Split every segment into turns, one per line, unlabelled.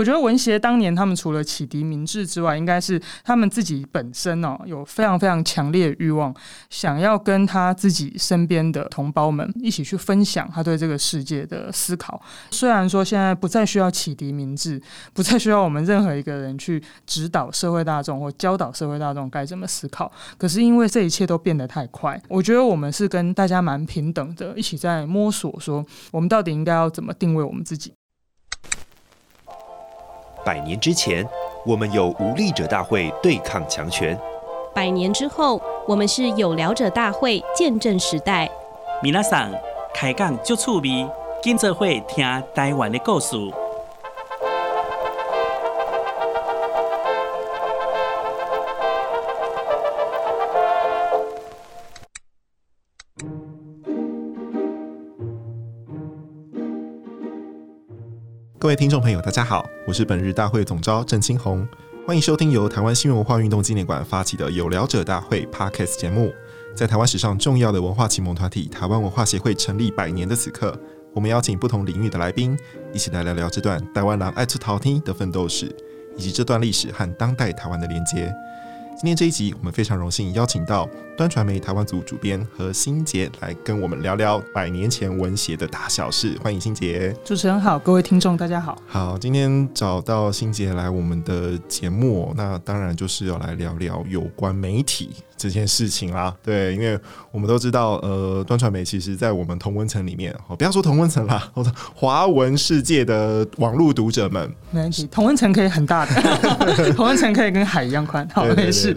我覺得文協當年他們除了啟迪民智之外，應該是他們自己本身呢、哦，有非常非常強烈的慾望，想要跟他自己身邊的同胞們一起去分享他對這個世界的思考。雖然說現在不再需要啟迪民智，不再需要我們任何一個人去指導社會大眾或教導社會大眾該怎麼思考，可是因為這一切都變得太快，我覺得我們是跟大家蠻平等的，一起在摸索說，說我們到底應該要怎麼定位我們自己。
百年之前，我們有無力者大會對抗強權；百年之後，我們是有聊者大會見證時代。米娜桑開講就趣味，今則會聽台灣的故事。各位聽眾朋友，大家好，我是本日大會總召鄭清紅。歡迎收聽由台灣新文化運動紀念館發起的有聊者大會 Podcast 節目。在台灣史上重要的文化啟蒙團體台灣文化協會成立百年的此刻，我們邀請不同領域的來賓，一起來聊聊這段台灣人愛出頭天的奮鬥史，以及這段歷史和當代台灣的連接。今天這一集，我們非常榮幸邀請到端傳媒台灣組主編何欣潔來跟我們聊聊百年前文協的大小事。歡迎欣潔，
主持人好，各位聽眾大家好。
好，今天找到欣潔來我們的節目，那當然就是要來聊聊有關媒體。這件事情啦，對，因為我們都知道，呃，端傳媒其實，在我們同溫層裡面，好，不要說同溫層啦，華文世界的網絡讀者們，沒
問題，同溫層可以很大的， 同溫層可以跟海一樣寬， 好沒事。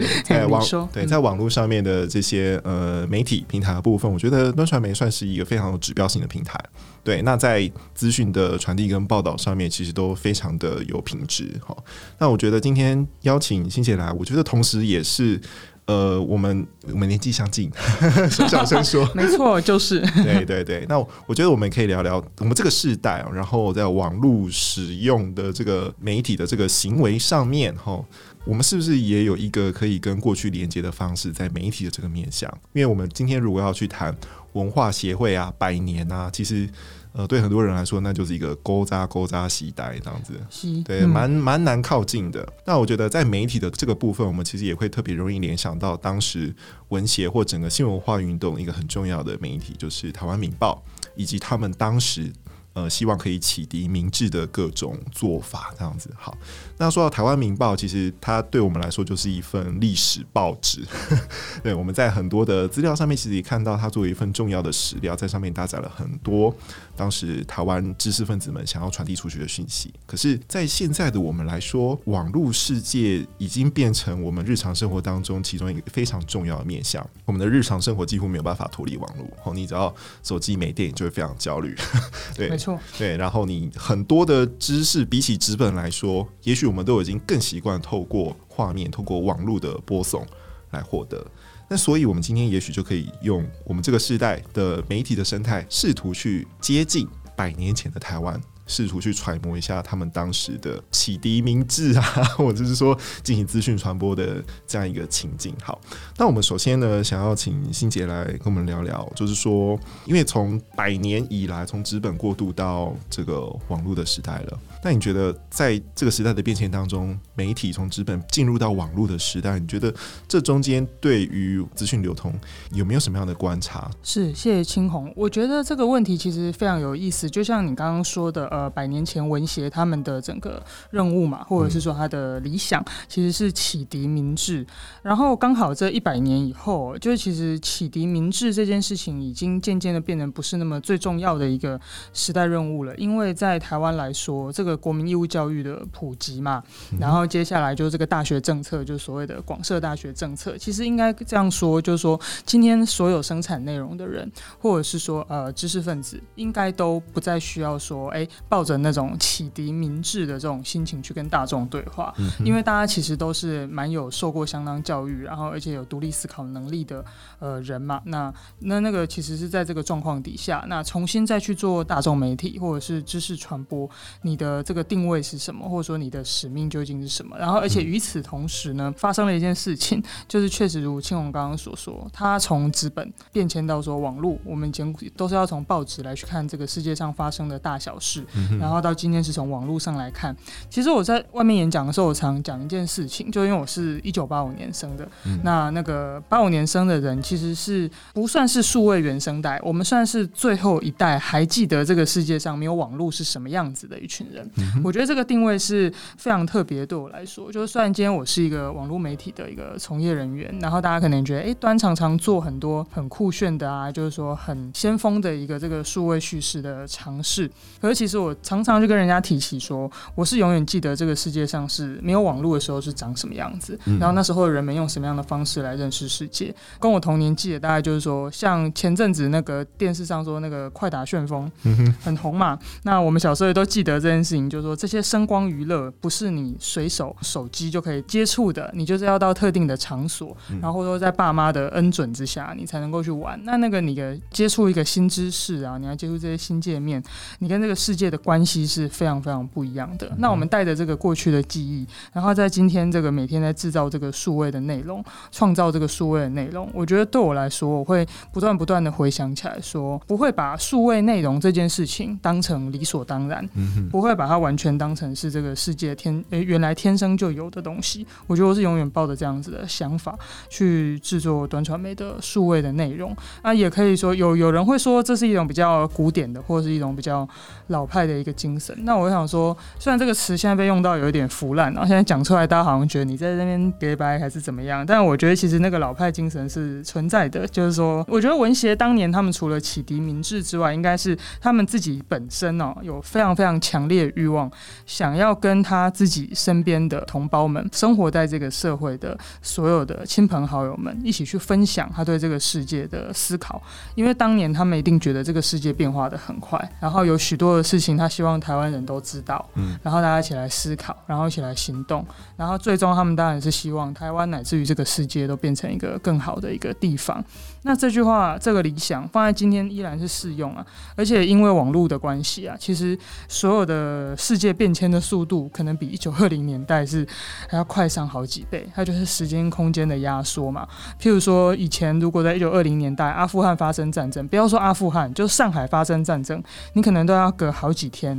網說，對，
在網絡說上面的這些呃媒體平台的部分，我覺得端傳媒算是一個非常有指標性的平台。對，那在資訊的傳遞跟報道上面，其實都非常的有品質。好，那我覺得今天邀請欣潔來，我覺得同時也是。呃，我們我們年紀相近，
呵呵小聲說，沒錯，就是對
對對。那我覺得我們可以聊聊我們這個世代，然後在網絡使用的這個媒體的這個行為上面，哈。我們是不是也有一個可以跟過去連接的方式，在媒體的這個面向？因為我們今天如果要去談文化協會啊、百年啊，其實呃對很多人來說，那就是一個勾扎勾扎西帶這樣子，是對，蠻蠻難靠近的。嗯、那我覺得在媒體的這個部分，我們其實也會特別容易聯想到當時文協或整個新文化運動一個很重要的媒體，就是《台灣民報》，以及他們當時。呃，希望可以啟迪明智的各種做法，這樣子好。那說到台灣《民報》，其實它對我們來說就是一份歷史報紙。 對，我們在很多的資料上面，其實也看到它作為一份重要的史料，在上面搭載了很多。當時台灣知識分子們想要傳遞出去的訊息，可是，在現在的我們來說，網絡世界已經變成我們日常生活當中其中一個非常重要的面向。我們的日常生活幾乎沒有辦法脫離網絡。哦，你只要手機沒電就會非常焦慮，錯 對，沒錯，對。然後你很多的知識比起紙本來說，也許我們都已經更習慣透過畫面、透過網絡的播送來獲得。那所以，我們今天也許就可以用我們這個時代的媒體的生態，試圖去接近百年前的台灣，試圖去揣摩一下他們當時的啟迪民智啊，或者是說進行資訊傳播的這樣一個情境。好，那我們首先呢，想要請欣潔來跟我們聊聊，就是說，因為從百年以來，從紙本過渡到這個網絡的時代了。那你覺得在這個時代的變遷當中，媒體從紙本進入到網絡的時代，你覺得這中間對於資訊流通有沒有什麼樣的觀察？
是，謝謝青紅，我覺得這個問題其實非常有意思。就像你剛剛說的，呃，百年前文協他們的整個任務嘛，或者是說他的理想，其實是啟迪民智。嗯、然後剛好這一百年以後，就是其實啟迪民智這件事情已經漸漸的變成不是那麼最重要的一個時代任務了，因為在台灣來說，這個。國民義務教育的普及嘛，然後接下來就是這個大學政策，就是所謂的廣設大學政策。其實應該這樣說，就是說今天所有生產內容的人，或者是說呃知識分子，應該都不再需要說，哎、欸，抱着那種啟迪民智的這種心情去跟大眾對話，嗯、哼因為大家其實都是蠻有受過相當教育，然後而且有獨立思考能力的呃人嘛。那那那個其實是在這個狀況底下，那重新再去做大眾媒體或者是知識傳播，你的。這個定位是什麼，或者說你的使命究竟是什麼？然後，而且與此同時呢，嗯、發生了一件事情，就是確實如青龍剛剛所說，他從紙本變遷到說網絡，我們以前都是要從報紙來去看這個世界上發生的大小事，嗯、哼然後到今天是從網絡上來看。其實我在外面演講的時候，我常講一件事情，就因為我是一九八五年生的，嗯、那那個八五年生的人其實是不算是數位原生代，我們算是最後一代還記得這個世界上沒有網絡是什麼樣子的一群人。 我覺得這個定位是非常特別，對我來說，就是雖然今天我是一個網絡媒體的一個從業人員，然後大家可能覺得，哎，端常常做很多很酷炫的啊，就是說很先鋒的一個這個數位敘事的嘗試。可是其實我常常就跟人家提起說，我是永遠記得這個世界上是沒有網絡的時候是長什麼樣子，然後那時候人們用什麼樣的方式來認識世界。跟我同年紀的大概就是說，像前陣子那個電視上說那個快打旋風，嗯哼，很紅嘛，那我們小時候也都記得這件事。就是說，這些聲光娛樂不是你隨手手機就可以接觸的，你就是要到特定的場所，然後或者說在爸媽的恩准之下，你才能夠去玩。那那個你的接觸一個新知識啊，你要接觸這些新界面，你跟這個世界的關係是非常非常不一樣的。那我們帶着這個過去的記憶，然後在今天這個每天在制造這個數位的內容，創造這個數位的內容，我覺得對我來說，我會不斷不斷的回想起來，說不會把數位內容這件事情當成理所當然，不會把。把它完全當成是這個世界天誒、欸，原來天生就有的東西。我覺得我是永遠抱着這樣子的想法去制作端傳媒的數位的內容。啊，也可以說有有人會說這是一種比較古典的，或者是一種比較老派的一個精神。那我想說，雖然這個詞現在被用到有一點腐爛，然後現在講出來大家好像覺得你在那邊別白，白還是怎麼樣。但我覺得其實那個老派精神是存在的。就是說，我覺得文協當年他們除了啟迪民智之外，應該是他們自己本身呢、喔，有非常非常強烈。欲望，想要跟他自己身邊的同胞們、生活在這個社會的所有的親朋好友們一起去分享他對這個世界的思考，因為當年他們一定覺得這個世界變化得很快，然後有許多的事情他希望台灣人都知道，嗯，然後大家一起來思考，然後一起來行動，然後最終他們當然是希望台灣乃至於這個世界都變成一個更好的一個地方。那這句話這個理想放在今天依然是適用啊，而且因為網絡的關係啊，其實所有的。呃，世界變遷的速度可能比一九二零年代是還要快上好幾倍，它就是時間空間的壓縮嘛。譬如說，以前如果在一九二零年代阿富汗發生戰爭，不要說阿富汗，就是上海發生戰爭，你可能都要隔好幾天，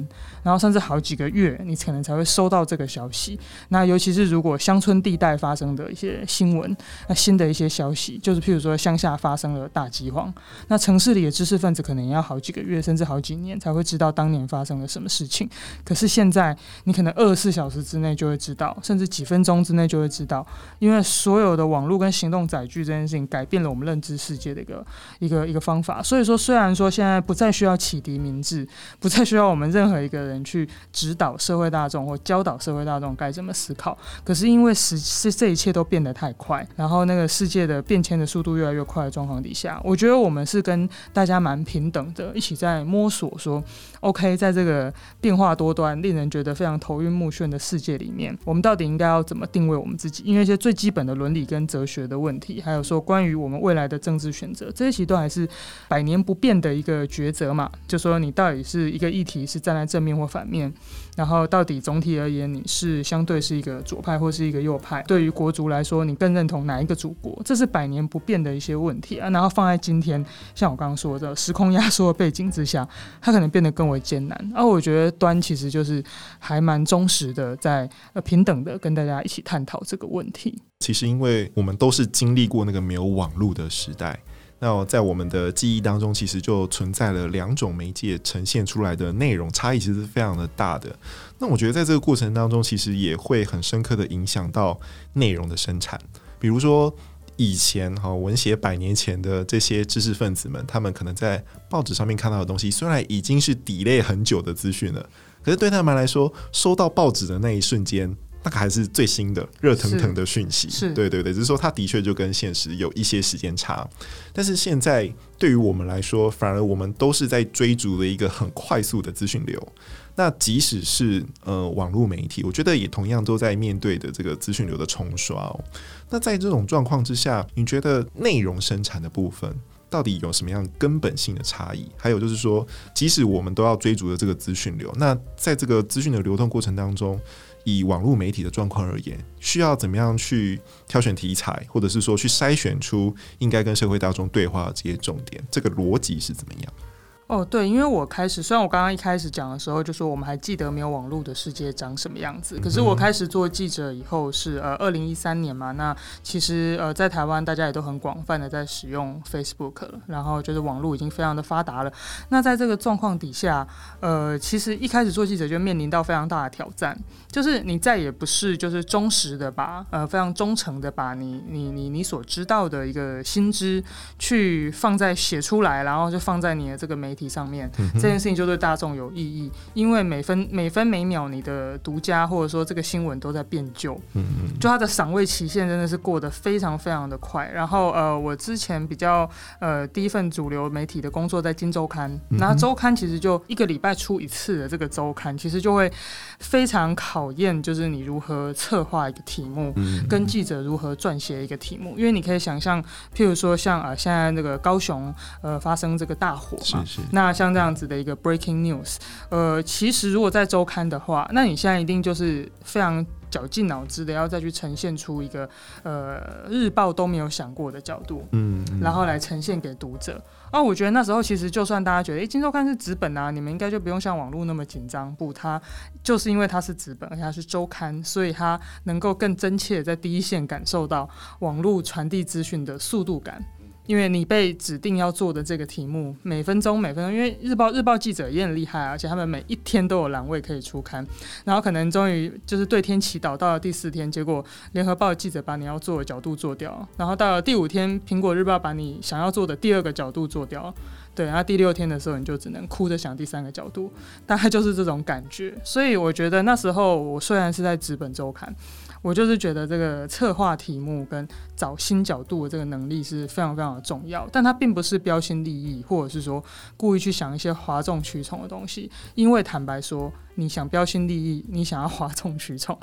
然後甚至好幾個月，你可能才會收到這個消息。那尤其是如果鄉村地帶發生的一些新聞，那新的一些消息，就是譬如說鄉下發生了大饑荒，那城市裡的知識分子可能也要好幾個月，甚至好幾年才會知道當年發生了什麼事情。可是現在，你可能二十四小時之內就會知道，甚至幾分鐘之內就會知道，因為所有的網絡跟行動載具這件事情改變了我們認知世界的一個一個一個方法。所以說，雖然說現在不再需要啟迪民智，不再需要我們任何一個人去指導社會大眾或教導社會大眾該怎麼思考，可是因為是是這一切都變得太快，然後那個世界的變遷的速度越來越快的狀況底下，我覺得我們是跟大家蠻平等的，一起在摸索說。OK，在這個變化多端、令人覺得非常頭暈目眩的世界裡面，我們到底應該要怎麼定位我們自己？因為一些最基本的倫理跟哲學的問題，還有說關於我們未來的政治選擇，這些其實都還是百年不變的一個抉擇嘛。就說你到底是一個議題是站在正面或反面，然後到底總體而言你是相對是一個左派或是一個右派？對於國族來說，你更認同哪一個祖國？這是百年不變的一些問題啊。然後放在今天，像我剛剛說的時空壓縮的背景之下，它可能變得更為。會艱難，而我覺得端其實就是還蠻忠實的，在呃平等的跟大家一起探討這個問題。
其實，因為我們都是經歷過那個沒有網絡的時代，那在我們的記憶當中，其實就存在了兩種媒介呈現出來的內容差異，其實是非常的大的。那我覺得在這個過程當中，其實也會很深刻的影響到內容的生產，比如說。以前哈，文協百年前的這些知識分子們，他們可能在報紙上面看到的東西，雖然已經是 delay 很久的資訊了，可是對他們來說，收到報紙的那一瞬間。那個還是最新的、熱騰騰的訊息是，是，對對對，就是說，它的確就跟現實有一些時間差。但是現在對於我們來說，反而我們都是在追逐的一個很快速的資訊流。那即使是呃網絡媒體，我覺得也同樣都在面對的這個資訊流的沖刷喔。那在這種狀況之下，你覺得內容生產的部分到底有什麼樣根本性的差異？還有就是說，即使我們都要追逐的這個資訊流，那在這個資訊的流動過程當中。以網絡媒體的狀況而言，需要怎麼樣去挑選題材，或者是說去篩選出應該跟社會大眾對話的這些重點？這個邏輯是怎麼樣？
哦，對，因為我開始，雖然我剛剛一開始講的時候就說我們還記得沒有網絡的世界長什麼樣子，可是我開始做記者以後是呃二零一三年嘛，那其實呃在台灣大家也都很廣泛的在使用 Facebook 了，然後就是網絡已經非常的發達了。那在這個狀況底下，呃，其實一開始做記者就面臨到非常大的挑戰，就是你再也不是就是忠實的把呃非常忠誠的把你你你你所知道的一個新知去放在寫出來，然後就放在你的這個媒體媒體上面、嗯、哼這件事情就對大眾有意義，因為每分每分每秒你的獨家或者說這個新聞都在變舊，嗯
嗯
哼，就它的賞味期限真的是過得非常非常的快。然後呃，我之前比較呃第一份主流媒體的工作在《今周刊》嗯哼，那周刊其實就一個禮拜出一次的這個周刊，其實就會非常考驗，就是你如何策劃一個題目，嗯、哼跟記者如何撰寫一個題目，嗯、哼因為你可以想象，譬如說像啊、呃、現在那個高雄呃發生這個大火嘛。是是那像這樣子的一個 breaking news，呃，其實如果在週刊的話，那你現在一定就是非常絞盡腦汁的要再去呈現出一個呃日報都沒有想過的角度，嗯，嗯，然後來呈現給讀者。啊、呃，我覺得那時候其實就算大家覺得，誒、欸，今周刊是紙本啊，你們應該就不用像網絡那麼緊張，不，它就是因為它是紙本，而且它是週刊，所以它能夠更真切的在第一線感受到網絡傳遞資訊的速度感。因為你被指定要做的這個題目，每分鐘每分鐘，因為日報日報記者也很厲害，而且他們每一天都有欄位可以出刊。然後可能終於就是對天祈禱到了第四天，結果聯合報記者把你要做的角度做掉。然後到了第五天，蘋果日報把你想要做的第二個角度做掉。對，然、啊、後第六天的時候，你就只能哭着想第三個角度，大概就是這種感覺。所以我覺得那時候我雖然是在紙本週刊，我就是覺得這個策劃題目跟找新角度的這個能力是非常非常的重要。但它並不是標新立異，或者是說故意去想一些嘩眾取寵的東西，因為坦白說。你想標新立異，你想要譁眾取寵，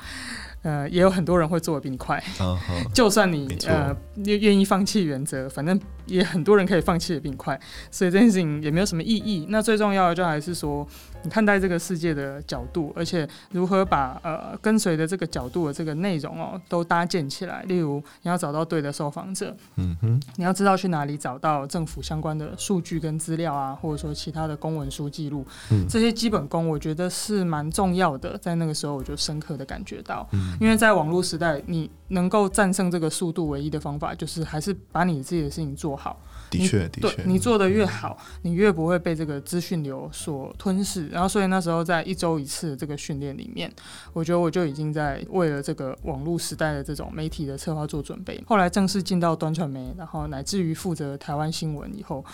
呃，也有很多人會做的比你快。哦哦、 就算你錯呃願願意放棄原則，反正也很多人可以放棄的比你快，所以這件事情也沒有什麼意義。那最重要的就還是說。你看待這個世界的角度，而且如何把呃跟隨着這個角度的這個內容哦，都搭建起來。例如，你要找到對的受訪者，嗯
哼，
你要知道去哪裡找到政府相關的數據跟資料啊，或者說其他的公文書記錄，嗯，這些基本功我覺得是蠻重要的。在那個時候，我就深刻的感覺到，嗯，因為在網絡時代，你能夠戰勝這個速度唯一的方法，就是還是把你自己的事情做好。的確，的確，你做得越好，你越不會被這個資訊流所吞噬。然後，所以那時候在一周一次的這個訓練裡面，我覺得我就已經在為了這個網絡時代的這種媒體的策劃做準備。後來正式進到端傳媒，然後乃至於負責台灣新聞以後。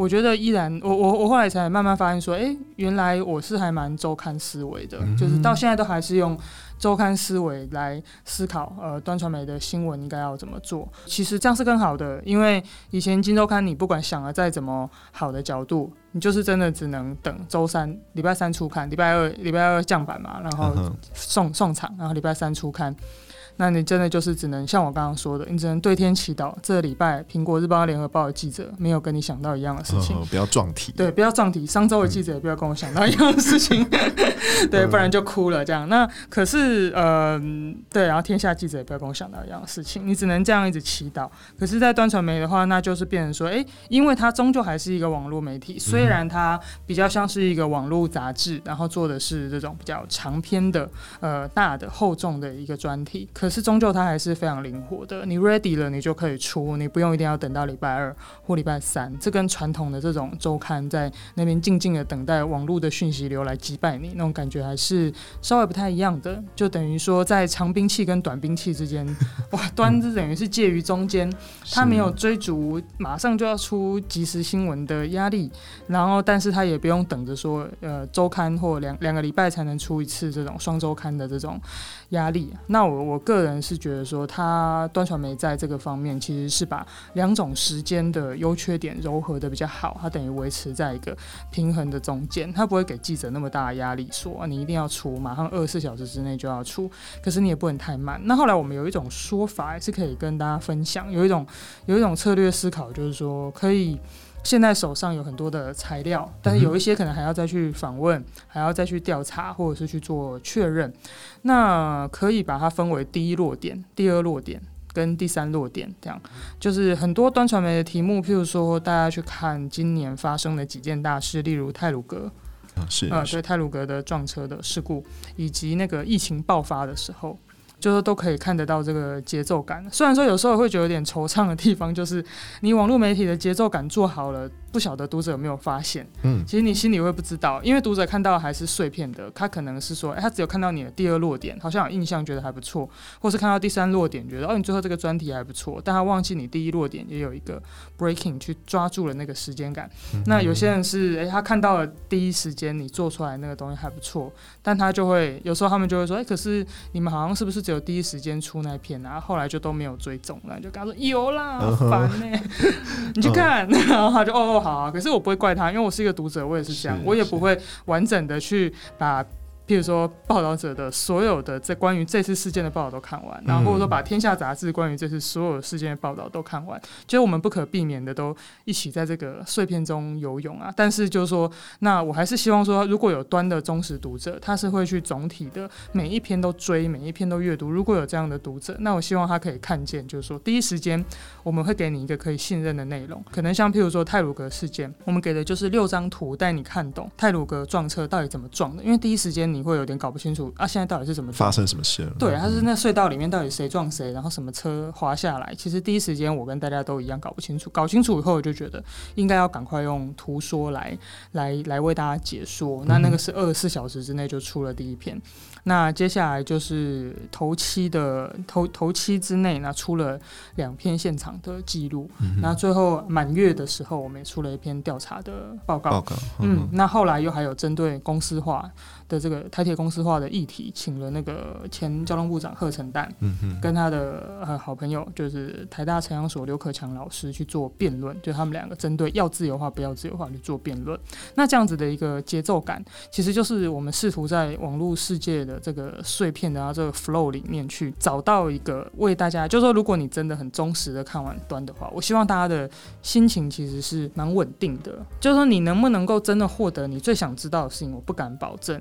我覺得依然，我我我後來才慢慢發現說，誒、欸，原來我是還蠻周刊思維的，嗯、哼就是到現在都還是用周刊思維來思考，呃，端傳媒的新聞應該要怎麼做。其實這樣是更好的，因為以前今周刊，你不管想了再怎麼好的角度，你就是真的只能等周三，禮拜三出刊，禮拜二、禮拜二降版嘛，然後送、嗯、哼送場，然後禮拜三出刊。那你真的就是只能像我剛剛說的，你只能對天祈禱，這個禮拜《蘋果日報》、《聯合報》的記者沒有跟你想到一樣的事情，哦、不要撞題，對，不要撞題。上周的記者也不要跟我想到一樣的事情，嗯、 對，不然就哭了這樣。那可是，嗯、呃，對，然後天下記者也不要跟我想到一樣的事情，你只能這樣一直祈禱。可是，在端傳媒的話，那就是變成說，哎、欸，因為它終究還是一個網絡媒體，雖然它比較像是一個網絡雜誌，然後做的是這種比較長篇的、呃，大的、厚重的一個專題，可。可是終究它還是非常靈活的。你 ready 了，你就可以出，你不用一定要等到禮拜二或禮拜三。這跟傳統的這種周刊在那邊靜靜的等待網絡的訊息流來擊敗你那種感覺，還是稍微不太一樣的。就等於說，在長兵器跟短兵器之間，哇， 端子等於是介於中間，它沒有追逐馬上就要出即時新聞的壓力，然後，但是它也不用等着說，呃，周刊或兩兩個禮拜才能出一次這種雙周刊的這種壓力。那我我。個人是覺得說，他端傳媒在這個方面其實是把兩種時間的優缺點揉合得比較好，他等於維持在一個平衡的中間，他不會給記者那麼大的壓力說，說你一定要出，馬上二十四小時之內就要出，可是你也不能太慢。那後來我們有一種說法是可以跟大家分享，有一種有一種策略思考，就是說可以。現在手上有很多的材料，但是有一些可能還要再去訪問，還要再去調查，或者是去做確認。那可以把它分為第一落點、第二落點跟第三落點這樣。就是很多端傳媒的題目，譬如說大家去看今年發生的幾件大事，例如太魯閣，
啊是啊是、
呃，對太魯閣的撞車的事故，以及那個疫情爆發的時候。就是都可以看得到這個節奏感，雖然說有時候會覺得有點惆悵的地方，就是你網絡媒體的節奏感做好了。不曉得讀者有沒有發現，嗯，其實你心裡會不知道，因為讀者看到還是碎片的，他可能是說，哎、欸，他只有看到你的第二落點，好像有印象，覺得還不錯，或是看到第三落點，覺得哦，你最後這個專題還不錯，但他忘記你第一落點也有一個 breaking 去抓住了那個時間感。嗯哼。那有些人是，哎、欸，他看到了第一時間你做出來那個東西還不錯，但他就會有時候他們就會說，哎、欸，可是你們好像是不是只有第一時間出那片、啊？然後後來就都沒有追蹤了，就跟他說有啦，好煩呢、uh oh. 欸，你去看，uh oh. 然後他就哦哦。好啊，可是我不會怪他，因為我是一個讀者，我也是這樣，是我也不會完整的去把。譬如說，報導者的所有的這關於這次事件的報道都看完，然後或者說把《天下》雜誌關於這次所有事件的報道都看完，就是我們不可避免的都一起在這個碎片中游泳啊。但是就是說，那我還是希望說，如果有端的忠實讀者，他是會去總體的每一篇都追，每一篇都閱讀。如果有這樣的讀者，那我希望他可以看見，就是說第一時間我們會給你一個可以信任的內容。可能像譬如說太魯閣事件，我們給的就是六張圖帶你看懂太魯閣撞車到底怎麼撞的，因為第一時間你。你會有點搞不清楚啊！現在到底是什麼發
生什麼事了？對，
它是那隧道裡面到底誰撞誰，然後什麼車滑下來？其實第一時間我跟大家都一樣搞不清楚，搞清楚以後我就覺得應該要趕快用圖說來來來為大家解說。那那個是二十四小時之內就出了第一篇，嗯、哼那接下來就是頭七的頭頭七之內，那出了兩篇現場的記錄。嗯、哼那最後滿月的時候，我們也出了一篇調查的報告。報告嗯,嗯，那後來又還有針對公司化的這個。台鐵公司化的議題，請了那個前交通部長賀陳旦，嗯嗯，跟他的呃好朋友，就是台大城鄉所劉可強老師去做辯論，就他們兩個針對要自由化、不要自由化去做辯論。那這樣子的一個節奏感，其實就是我們試圖在網絡世界的這個碎片的啊這個 flow 裡面去找到一個為大家，就是說如果你真的很忠實的看完端的話，我希望大家的心情其實是蠻穩定的。就是說你能不能夠真的獲得你最想知道的事情，我不敢保證。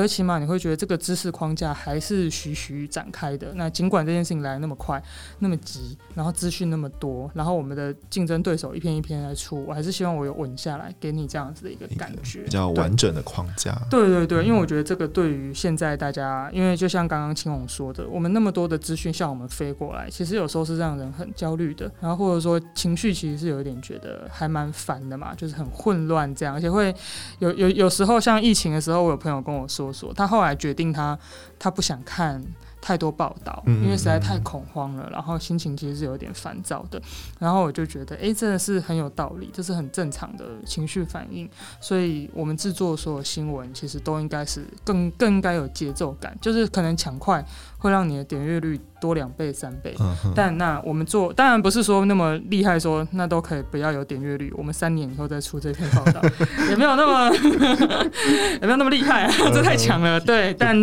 所以起碼你會覺得這個知識框架還是徐徐展開的。那儘管這件事情來那麼快，那麼急，然後資訊那麼多，然後我們的競爭對手一篇一篇來出，我還是希望我有穩下來，給你這樣子的一個感覺，比較完
整的框架。
對對，對對對，嗯，因為我覺得這個對於現在大家，因為就像剛剛青紅說的，我們那麼多的資訊向我們飛過來，其實有時候是讓人很焦慮的，然後或者說情緒其實是有一點覺得還蠻煩的嘛，就是很混亂這樣，而且會有有有時候像疫情的時候，我有朋友跟我說。他後來決定他，他他不想看。太多報道，因為實在太恐慌了，然後心情其實是有點煩躁的。然後我就覺得，哎、欸，真的是很有道理，這、就是很正常的情緒反應。所以，我們製作所有新聞，其實都應該是更更應該有節奏感，就是可能搶快會讓你的點閱率多兩倍三倍。Uh huh. 但那我們做，當然不是說那麼厲害說，說那都可以不要有點閱率，我們三年以後再出這篇報道， 也沒有那麼 也沒有那麼厲害、啊， 這太強了。Uh huh. 對，但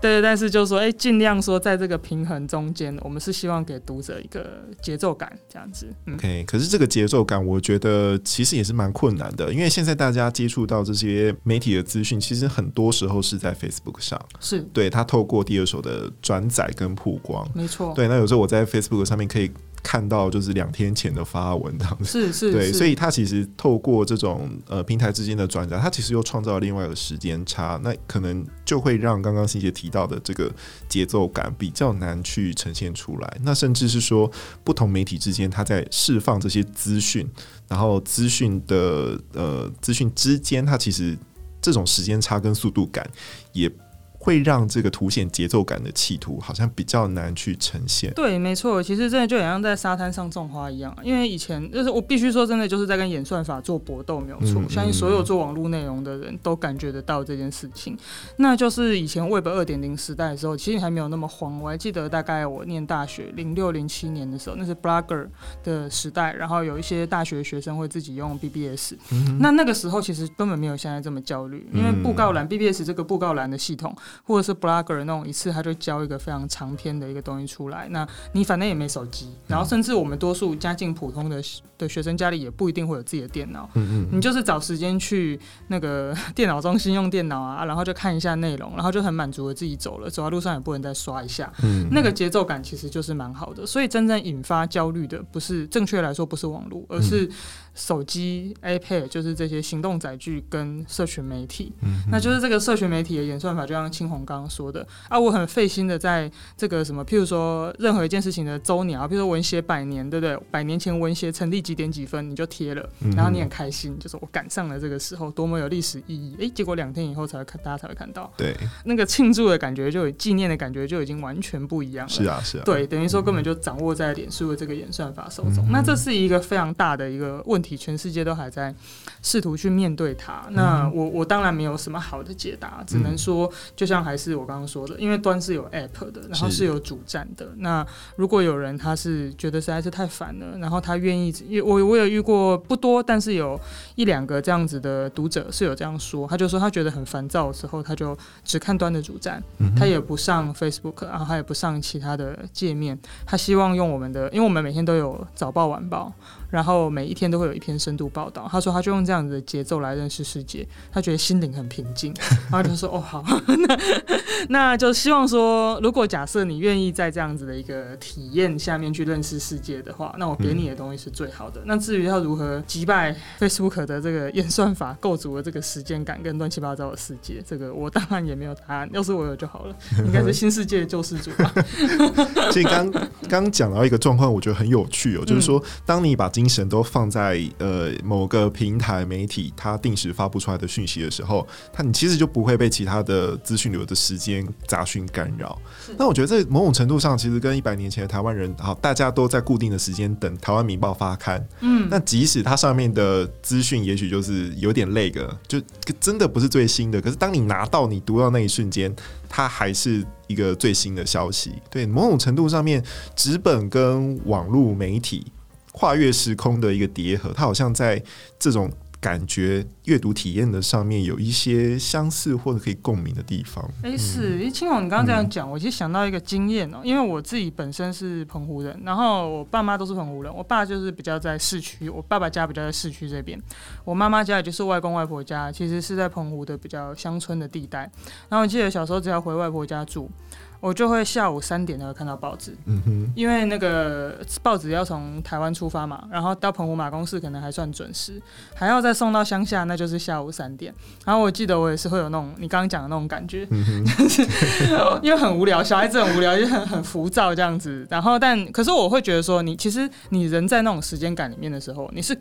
對，但是就說，哎、欸，盡量。說，在這個平衡中間，我們是希望給讀者一個節奏感，這樣子。嗯。
Okay，可是這個節奏感，我覺得其實也是蠻困難的，因為現在大家接觸到這些媒體的資訊，其實很多時候是在 Facebook 上，是對它透過第二手的轉載跟曝光。沒錯。對，那有時候我在 Facebook 上面可以。看到就是兩天前的發文這樣子，
是是、是對，所以他
其實透過這種呃平台之間的轉載，他其實又創造了另外的時間差，那可能就會讓剛剛欣潔提到的這個節奏感比較難去呈現出來。那甚至是說不同媒體之間，他在釋放這些資訊，然後資訊的呃資訊之間，他其實這種時間差跟速度感也。會讓這個凸顯節奏感的企圖好像比較難去呈現。
對，沒錯，其實真的就像在沙灘上種花一樣，因為以前就是我必須說真的，就是在跟演算法做搏鬥沒有錯。嗯、相信所有做網絡內容的人都感覺得到這件事情。嗯、那就是以前 Web 二點零時代的時候，其實你還沒有那麼慌。我還記得大概我念大學零六零七年的時候，那是 Blogger 的時代，然後有一些大學學生會自己用 BBS、嗯。那那個時候其實根本沒有現在這麼焦慮，因為布告欄、嗯、BBS 這個布告欄的系統。或者是 blogger 那種一次他就交一個非常長篇的一個東西出來，那你反正也沒手機，然後甚至我們多數家境普通的的學生家裡也不一定會有自己的電腦，嗯嗯哼，你就是找時間去那個電腦中心用電腦啊，然後就看一下內容，然後就很滿足的自己走了，走到路上也不能再刷一下，嗯哼，那個節奏感其實就是蠻好的，所以真正引發焦慮的不是，正確來說不是網絡，而是。手機、iPad 就是這些行動載具跟社群媒體，嗯哼，那就是這個社群媒體的演算法，就像青紅剛剛說的啊，我很費心的在這個什麼，譬如說任何一件事情的周年啊，譬如說文協百年，對不對，對？百年前文協成立幾點幾分你就貼了，嗯、哼然後你很開心，就是我趕上了這個時候，多麼有歷史意義！哎、欸，結果兩天以後才會看，大家才會看到，對，那個慶祝的感覺，就有紀念的感覺，就已經完全不一樣了。是啊，是啊，是啊，對，等於說根本就掌握在臉書的這個演算法手中，那這是一個非常大的一個問題。問題，全世界都還在試圖去面對它。那我、嗯、哼我當然沒有什麼好的解答，只能說，就像還是我剛剛說的，因為端是有 app 的，然後是有主站的。的那如果有人他是覺得實在是太煩了，然後他願意，因為我我有遇過不多，但是有一兩個這樣子的讀者是有這樣說，他就說他覺得很煩躁的時候，他就只看端的主站，嗯、哼他也不上 Facebook，然後他也不上其他的界面，他希望用我們的，因為我們每天都有早報晚報，然後每一天都會有。有一篇深度報道，他說他就用這樣子的節奏來認識世界，他覺得心靈很平靜。然後他說：“ 哦，好，那那就希望說，如果假設你願意在這樣子的一個體驗下面去認識世界的話，那我給你的東西是最好的。嗯、那至於要如何擊敗 Facebook 的這個演算法構築了這個時間感跟亂七八糟的世界，這個我當然也沒有答案。要是我有就好了，應該是新世界的救世主吧。所
以剛剛講到一個狀況，我覺得很有趣哦、喔，嗯、就是說，當你把精神都放在呃，某個平臺媒體，它定時發佈出來的訊息的時候，它，你其實就不會被其他的資訊流的時間雜訊干擾。那是我覺得這某種程度上，其實跟一百年前的臺灣人，好，大家都在固定的時間等《臺灣民報》發刊。嗯，那即使它上面的資訊也許就是有點 lag 了，就真的不是最新的。可是當你拿到、你讀到那一瞬間，它還是一個最新的消息。對，某種程度上面，紙本跟網絡媒體。跨越時空的一個疊合，它好像在這種感覺閱讀體驗的上面有一些相似或者可以共鳴的地方。
哎是，因為青紅你剛剛這樣講，嗯、我其實想到一個經驗哦，因為我自己本身是澎湖人，然後我爸媽都是澎湖人，我爸就是比較在市區，我爸爸家比較在市區這邊，我媽媽家也就是外公外婆家，其實是在澎湖的比較鄉村的地帶。然後我記得小時候只要回外婆家住，我就會下午三點才會看到報紙，嗯、哼因為那個報紙要從台灣出發嘛，然後到澎湖馬公市可能還算準時，還要再送到鄉下，那就是下午三點。然後我記得我也是會有那種你剛剛講的那種感覺，因為、嗯哼就是、很無聊，小孩子很無聊，就很很浮躁這樣子。然後但可是我會覺得說你，你其實你人在那種時間感裡面的時候，你是。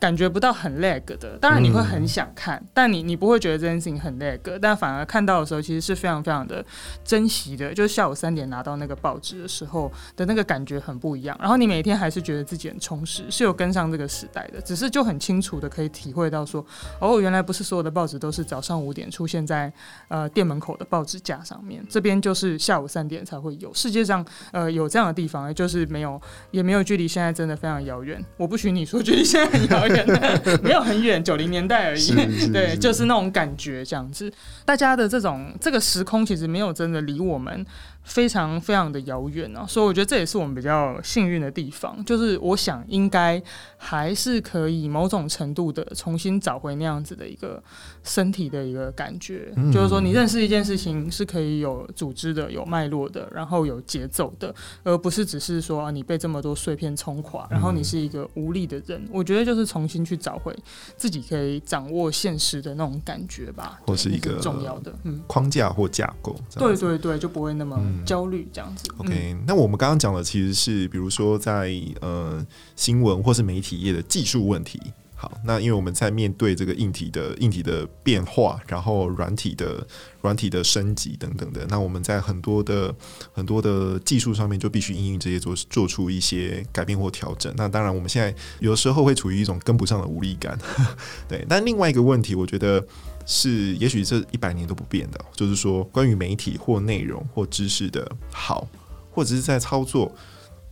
感覺不到很 lag 的，當然你會很想看，但你你不會覺得這件事情很 lag，但反而看到的時候，其實是非常非常的珍惜的。就是下午三點拿到那個報紙的時候的那個感覺很不一樣。然後你每天還是覺得自己很充實，是有跟上這個時代的，只是就很清楚的可以體會到說，哦，原來不是所有的報紙都是早上五點出現在呃店門口的報紙架上面，這邊就是下午三點才會有。世界上呃有這樣的地方，就是沒有，也沒有距離現在真的非常遙遠。我不許你說距離現在很遙遠。 沒有很遠，九零年代而已。是是是是對，就是那種感覺，這樣子。大家的這種這個時空，其實沒有真的離我們。非常非常的遙遠啊，所以我覺得這也是我們比較幸運的地方。就是我想應該還是可以某種程度的重新找回那樣子的一個身體的一個感覺。嗯、就是說，你認識一件事情是可以有組織的、有脈絡的，然後有節奏的，而不是只是說、啊、你被這麼多碎片沖垮，然後你是一個無力的人。嗯、我覺得就是重新去找回自己可以掌握現實的那種感覺吧，或是一個重要的嗯
框架或架構。對對
對，就不會那麼、嗯。焦慮這樣
子。嗯、OK，那我們剛剛講的其實是，比如說在、嗯、呃新聞或是媒體業的技術問題。好，那因為我們在面對這個硬體的硬體的變化，然後軟體的軟體的升級等等的，那我們在很多的很多的技術上面就必須應用這些做做出一些改變或調整。那當然，我們現在有時候會處於一種跟不上的無力感。呵呵對，但另外一個問題，我覺得。是，也許這一百年都不變的，就是說，關於媒體或內容或知識的好，或者是在操作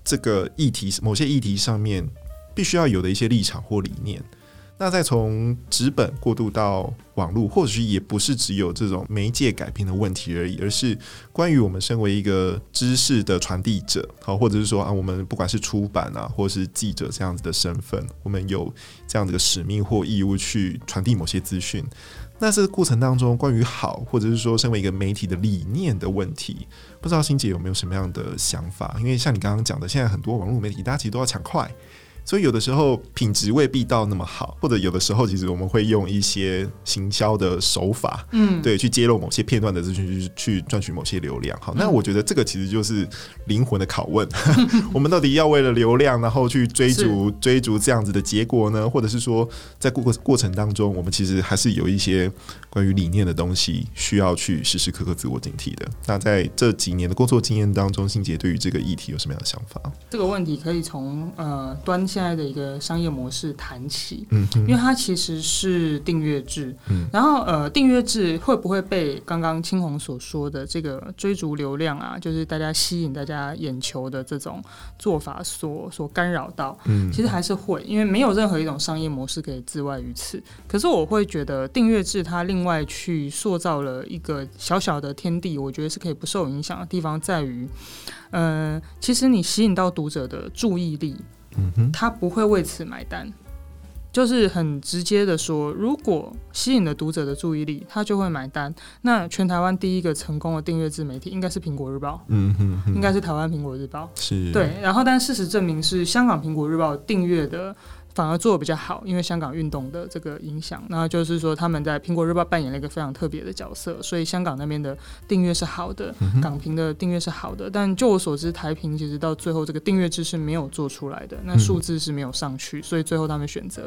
這個議題某些議題上面，必須要有的一些立場或理念。那再從紙本過渡到網絡，或許也不是只有這種媒介改變的問題而已，而是關於我們身為一個知識的傳遞者，好，或者是說啊，我們不管是出版啊，或者是記者這樣子的身份，我們有這樣子的使命或義務去傳遞某些資訊。那這個過程當中，關於好，或者是說身為一個媒體的理念的問題，不知道欣姐有沒有什麼樣的想法？因為像你剛剛講的，現在很多網絡媒體大家其實都要搶快。所以有的時候品質未必到那麼好，或者有的時候其實我們會用一些行銷的手法，嗯，對，去揭露某些片段的資訊，去去賺取某些流量。好，那我覺得這個其實就是靈魂的拷問：嗯、 我們到底要為了流量，然後去追逐是追逐這樣子的結果呢？或者是說，在過過過程當中，我們其實還是有一些關於理念的東西需要去時時刻刻自我警惕的。那在這幾年的工作經驗當中，欣潔對於這個議題有什麼樣的想法？這
個問題可以從呃端現在的一個商業模式談起，嗯，因為它其實是訂閱制，嗯，然後呃，訂閱制會不會被剛剛青紅所說的這個追逐流量啊，就是大家吸引大家眼球的這種做法所所干擾到？嗯，其實還是會，因為沒有任何一種商業模式可以自外於此。可是我會覺得訂閱制它另外去塑造了一個小小的天地，我覺得是可以不受影響的地方在於，呃，其實你吸引到讀者的注意力，嗯、他不會為此買單，就是很直接的說，如果吸引了讀者的注意力，他就會買單。那全台灣第一個成功的訂閱自媒體應該是蘋果日報，嗯
哼哼，
應該是台灣蘋果日報，是對，然後但事實證明是香港蘋果日報訂閱的。反而做的比較好，因為香港運動的這個影響，那就是說他們在蘋果日報扮演了一個非常特別的角色，所以香港那邊的訂閱是好的，嗯、哼港蘋的訂閱是好的，但就我所知，台蘋其實到最後這個訂閱制是沒有做出來的，那數字是沒有上去，嗯、所以最後他們選擇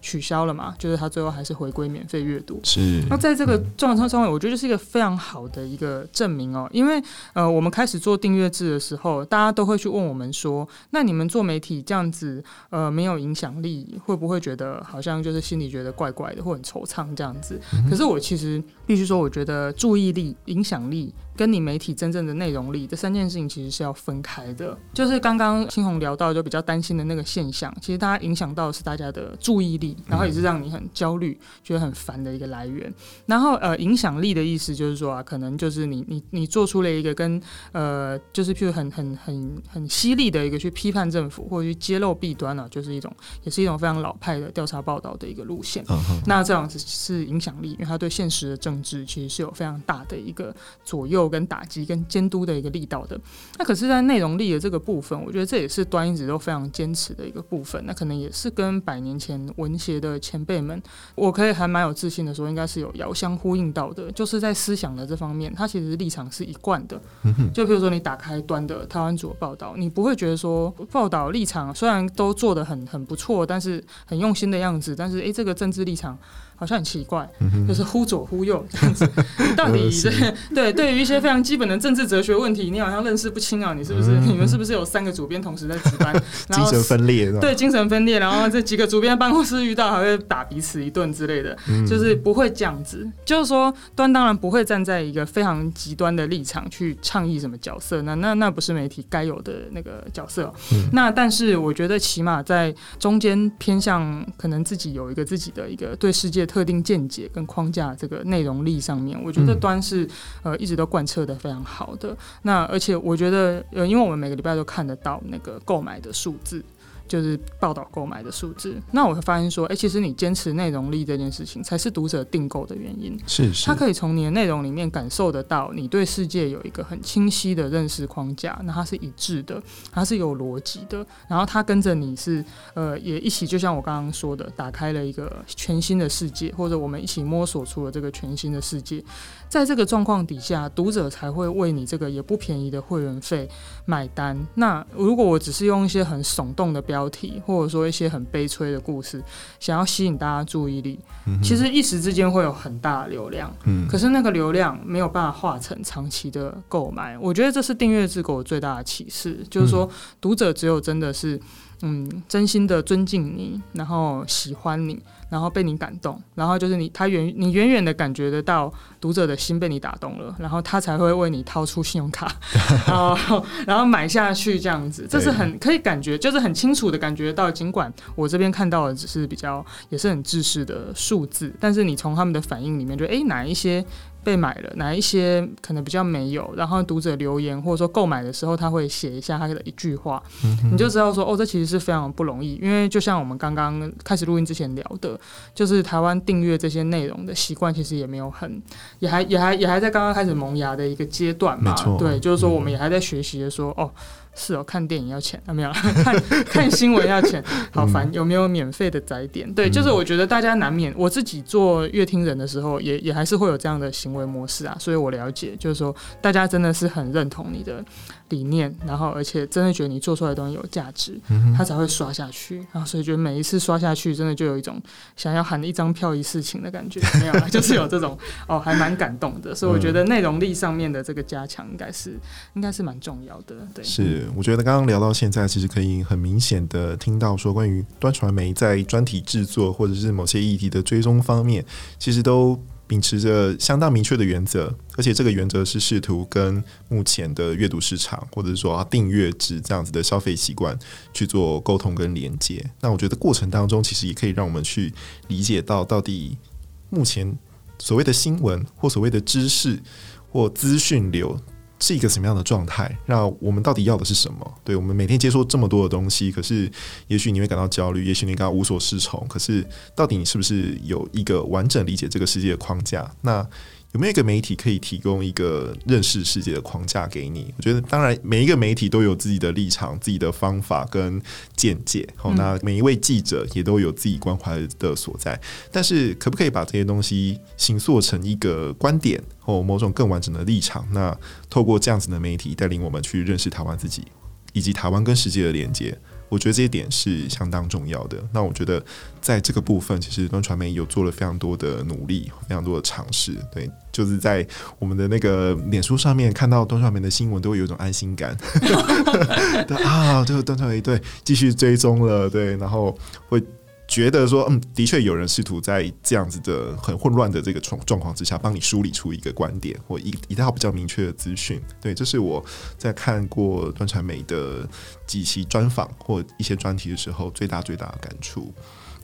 取消了嘛，就是他最後還是回歸免費閱讀。是。那在這個狀況上，嗯、我覺得這是一個非常好的一個證明哦、喔，因為呃，我們開始做訂閱制的時候，大家都會去問我們說，那你們做媒體這樣子，呃，沒有影響力。你會不會覺得好像就是心裡覺得怪怪的，或很惆悵這樣子？可是我其實必須說，我覺得注意力、影響力。跟你媒體真正的內容力，這三件事情其實是要分開的。就是剛剛青紅聊到，就比較擔心的那個現象，其實它影響到的是大家的注意力，然後也是讓你很焦慮、嗯、覺得很煩的一個來源。然後呃，影響力的意思就是說啊，可能就是你、你、你做出了一個跟呃，就是譬如很、很、很、很犀利的一個去批判政府或者去揭露弊端了、啊，就是一種，也是一種非常老派的調查報道的一個路線。嗯哼，那這樣子是，是影響力，因為它對現實的政治其實是有非常大的一個左右。跟打擊、跟監督的一個力道的。那可是，在內容力的這個部分，我覺得這也是端一直都非常堅持的一個部分。那可能也是跟百年前文協的前輩們，我可以還蠻有自信的說，應該是有遙相呼應到的。就是在思想的這方面，他其實立場是一貫的。就比如說，你打開端的台灣組報道，你不會覺得說報道立場雖然都做的很很不錯，但是很用心的樣子，但是哎、欸，這個政治立場。好像很奇怪，嗯、哼就是忽左忽右這樣子。呵呵到底是呵對，呵呵對於一些非常基本的政治哲學問題，你好像認識不清啊？你是不是、嗯、哼你們是不是有三個主編同時在值班？然後，精神分裂是吧？對，精神分裂。然後這幾個主編辦公室遇到還會打彼此一頓之類的，嗯、就是不會這樣子。就是說，端當然不會站在一個非常極端的立場去倡議什麼角色。那那那不是媒體該有的那個角色、喔。嗯、那但是我覺得，起碼在中間偏向，可能自己有一個自己的一個對世界。特定見解跟框架，這個內容力上面，我覺得端是、嗯、呃一直都貫徹的非常好的。那而且我覺得呃，因為我們每個禮拜都看得到那個購買的數字。就是報道購買的數字，那我會發現說，哎、欸，其實你堅持內容力這件事情，才是讀者訂購的原因。是是，它可以從你的內容裡面感受得到，你對世界有一個很清晰的認識框架，那它是一致的，它是有邏輯的，然後它跟着你是，呃，也一起，就像我剛剛說的，打開了一個全新的世界，或者我們一起摸索出了這個全新的世界。在這個狀況底下，讀者才會為你這個也不便宜的會員費買單。那如果我只是用一些很聳動的標題，或者說一些很悲催的故事，想要吸引大家注意力，嗯、哼其實一時之間會有很大的流量。嗯、哼可是那個流量沒有辦法化成長期的購買。我覺得這是訂閱制給我最大的啟示，嗯、哼就是說讀者只有真的是。嗯，真心的尊敬你，然後喜歡你，然後被你感動，然後就是你他遠你遠遠的感覺得到讀者的心被你打動了，然後他才會為你掏出信用卡，然後然後買下去這樣子，這是很可以感覺，就是很清楚的感覺到，儘管我這邊看到的只是比較也是很自私的數字，但是你從他們的反應裡面就，就哎哪一些。被買了哪一些可能比較沒有？然後讀者留言或者說購買的時候，他會寫一下他的一句話，嗯哼，你就知道說哦，這其實是非常不容易，因為就像我們剛剛開始錄音之前聊的，就是台灣訂閱這些內容的習慣其實也沒有很，也還也還也還在剛剛開始萌芽的一個階段嘛。沒錯，對，就是說我們也還在學習的說、嗯、哦。是哦，看電影要錢，啊？沒有？看看新聞要錢， 好煩。有沒有免費的載點？嗯、對，就是我覺得大家難免，我自己做閱聽人的時候也，也也還是會有這樣的行為模式啊，所以我了解，就是說大家真的是很認同你的理念，然後而且真的覺得你做出來的東西有價值，嗯、哼他才會刷下去。然後所以覺得每一次刷下去，真的就有一種想要喊一張票一事情的感覺， 沒有？就是有這種哦，還蠻感動的。 所以我覺得內容力上面的這個加強，應該是應該是蠻重要的。對，是。
我覺得剛剛聊到現在，其實可以很明顯的聽到說，關於端傳媒在專題製作或者是某些議題的追蹤方面，其實都，秉持着相當明確的原則，而且這個原則是試圖跟目前的閱讀市場，或者是說、啊、訂閱制這樣子的消費習慣去做溝通跟連接。那我覺得過程當中，其實也可以讓我們去理解到，到底目前所謂的新聞或所謂的知識或資訊流。是一個什麼樣的狀態？那我們到底要的是什麼？對我們每天接觸這麼多的東西，可是也許你會感到焦慮，也許你感到無所適從。可是到底你是不是有一個完整理解這個世界的框架？那。有沒有一個媒體可以提供一個認識世界的框架給你？我覺得，當然，每一個媒體都有自己的立場、自己的方法跟見解。好、嗯，那每一位記者也都有自己關懷的所在。但是，可不可以把這些東西形塑成一個觀點或某種更完整的立場？那透過這樣子的媒體，帶領我們去認識台灣自己，以及台灣跟世界的連接。我覺得這一點是相當重要的。那我覺得在這個部分，其實端傳媒有做了非常多的努力，非常多的嘗試。對，就是在我們的那個臉書上面看到端傳媒的新聞，都會有一種安心感。 對啊，就是端傳媒對，繼續追蹤了，對，然後會。覺得說，嗯，的確有人試圖在這樣子的很混亂的這個狀狀況之下，幫你梳理出一個觀點或一一套比較明確的資訊。對，這是我在看過端傳媒的幾期專訪或一些專題的時候，最大最大的感觸。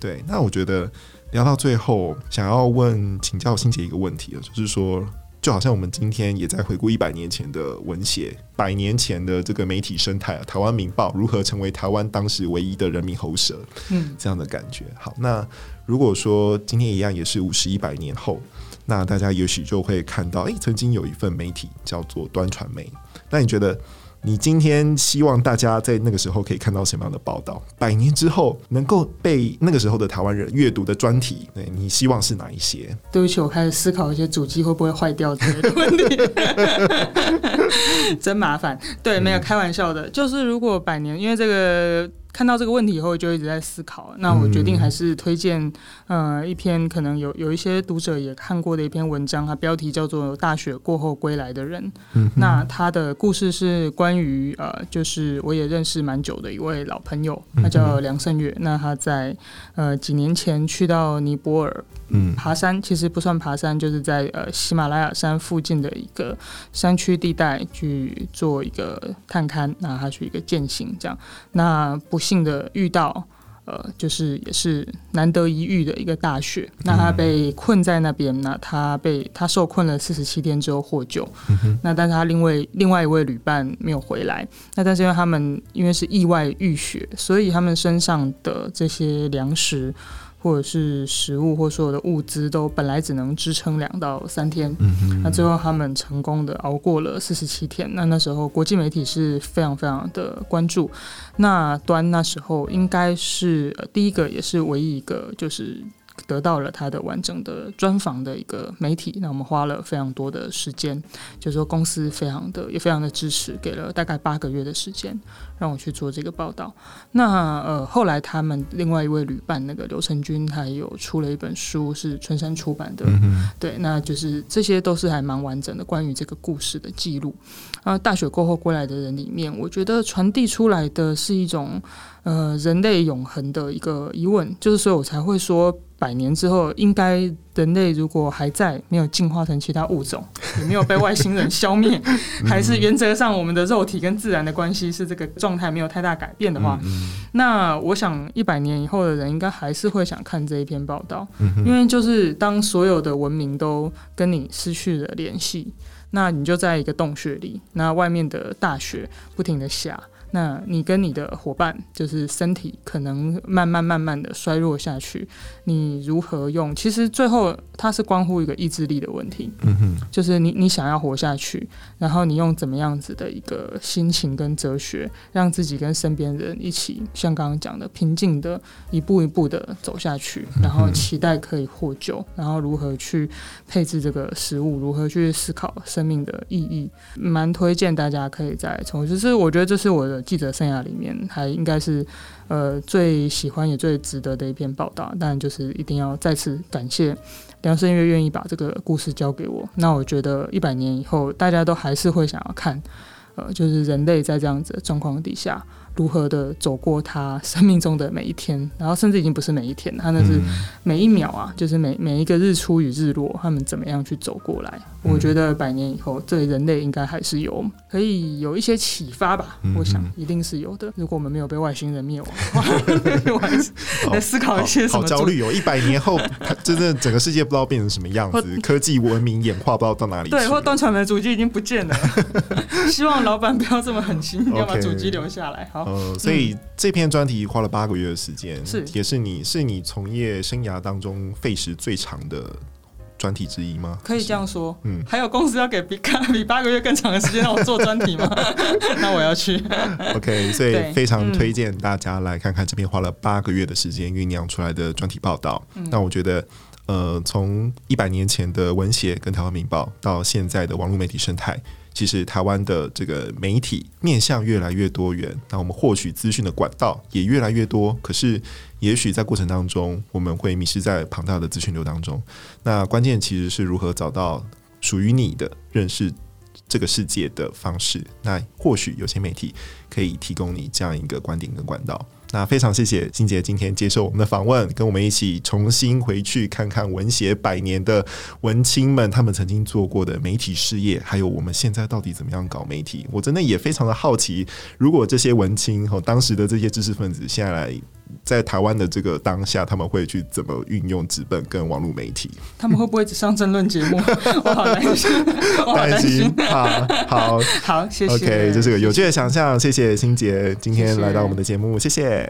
對，那我覺得聊到最後，想要問請教我欣姐一個問題，就是說。就好像我們今天也在回顧一百年前的文協、百年前的這個媒體生態，啊，台灣民報如何成為台灣當時唯一的人民喉舌，嗯，這樣的感覺。好，那如果說今天一樣也是五十一百年後，那大家也許就會看到，誒、欸，曾經有一份媒體叫做端傳媒，那你覺得？你今天希望大家在那個時候可以看到什麼樣的報道？百年之後能夠被那個時候的台灣人閱讀的專題，對，你希望是哪一些？
對不起，我開始思考一些主機會不會壞掉之類的問題， 真麻煩。對，沒有開玩笑的，嗯、就是如果百年，因為這個。看到這個問題以後，就一直在思考。那我決定還是推薦，嗯、呃，一篇可能有有一些讀者也看過的一篇文章，它標題叫做《大雪過後歸來的人》。嗯哼，那它的故事是關於，呃，就是我也認識蠻久的一位老朋友，他叫梁勝月。嗯、哼那他在呃幾年前去到尼泊爾。爬山其實不算爬山，就是在呃喜馬拉雅山附近的一個山區地帶去做一個探勘，那他去一個健行，這樣，那不幸的遇到，呃，就是也是難得一遇的一個大雪，那他被困在那邊，那他被他受困了四十七天之後獲救，嗯、哼那但是他另外另外一位旅伴沒有回來，那但是因為他們因為是意外遇雪，所以他們身上的這些糧食。或者是食物，或所有的物資，都本來只能支撐兩到三天。嗯嗯，那最後他們成功的熬過了四十七天。那那時候國際媒體是非常非常的關注。那端那時候應該是、呃、第一個，也是唯一一個，就是得到了他的完整的專訪的一個媒體。那我們花了非常多的時間，就是說公司非常的也非常的支持，給了大概八個月的時間。讓我去做這個報道。那呃，後來他們另外一位旅伴那個劉崇鋕，還有出了一本書，是春山出版的，嗯、哼對，那就是這些都是還蠻完整的關於這個故事的記錄。啊、呃，《大雪過後歸來的人》裡面，我覺得傳遞出來的是一種呃人類永恆的一個疑問，就是所以我才會說，百年之後應該。人類如果還在，沒有進化成其他物種，也沒有被外星人消滅， 還是原則上我們的肉體跟自然的關係是這個狀態，沒有太大改變的話，嗯嗯，那我想一百年以後的人應該還是會想看這一篇報道嗯、哼因為就是當所有的文明都跟你失去了聯繫，那你就在一個洞穴裡，那外面的大雪不停的下。那你跟你的夥伴就是身體可能慢慢慢慢的衰弱下去，你如何用，其實最後它是關乎一個意志力的問題。嗯哼，就是你你想要活下去，然後你用怎麼樣子的一個心情跟哲學，讓自己跟身邊人一起，像剛剛講的，平靜的一步一步的走下去，然後期待可以獲救，然後如何去配置這個食物，如何去思考生命的意義，蠻推薦大家可以再從，就是我覺得這是我的。記者生涯裡面，還應該是呃最喜歡也最值得的一篇報道。但就是一定要再次感謝梁生月願意把這個故事交給我。那我覺得一百年以後，大家都還是會想要看，呃，就是人類在這樣子的狀況底下。如何的走過他生命中的每一天，然後甚至已經不是每一天，他那是每一秒啊，嗯、就是每每一個日出與日落，他們怎麼樣去走過來？嗯、我覺得百年以後，對人類應該還是有可以有一些啟發吧。嗯、哼我想一定是有的。如果我們沒有被外星人滅亡的
話，
來思考一些什麼好好？好焦慮哦！一
百年後，真的整個世界不知道變成什麼樣子，或科技文明演化不知道到哪裡。
對，或端傳媒的主機已經不見了。 希望老闆不要這麼狠心， 你要把主機留下來。好。呃，所以
這篇專題花了八個月的時間，嗯、也是你是你從業生涯當中費時最長的專題之一嗎？
可以這樣說，嗯，還有公司要給比比八個月更長的時間讓我做專題嗎？ 那我
要去。 OK，所以非常推薦大家來看看這篇花了八個月的時間醞釀出來的專題報道。嗯、那我覺得，呃，從一百年前的文協跟台灣民報到現在的網絡媒體生態。其實台灣的這個媒體面向越來越多元，那我們獲取資訊的管道也越來越多。可是，也許在過程當中，我們會迷失在龐大的資訊流當中。那關鍵其實是如何找到屬於你的認識這個世界的方式。那或許有些媒體可以提供你這樣一個觀點跟管道。那非常謝謝欣姐今天接受我們的訪問，跟我們一起重新回去看看文協百年的文青們，他們曾經做過的媒體事業，還有我們現在到底怎麼樣搞媒體。我真的也非常的好奇，如果這些文青和當時的這些知識分子，現在來在台灣的這個當下，他們會去怎麼運用紙本跟網絡媒體？
他們會不會只上爭論節目 我？我好擔心，
好擔心。 好好好，
謝謝。OK，就是個有
趣的想象。謝謝欣姐今天來到我們的節目，謝謝。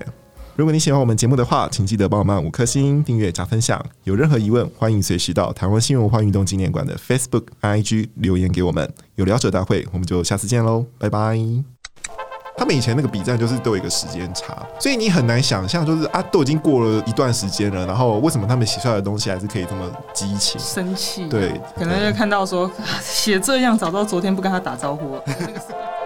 如果你喜歡我們節目的話，請記得幫我們五顆星、訂閱加分享。有任何疑問，歡迎隨時到台灣新文化運動紀念館的 Facebook、IG 留言給我們。有聊者大會，我們就下次見嘍，拜拜。他們以前那個筆戰就是都有一個時間差，所以你很難想象，就是啊，都已經過了一段時間了，然後為什麼他們寫出來的東西還是可以這麼激情、
生氣氣？對，可能就看到說寫這樣，早知道昨天不跟他打招呼了。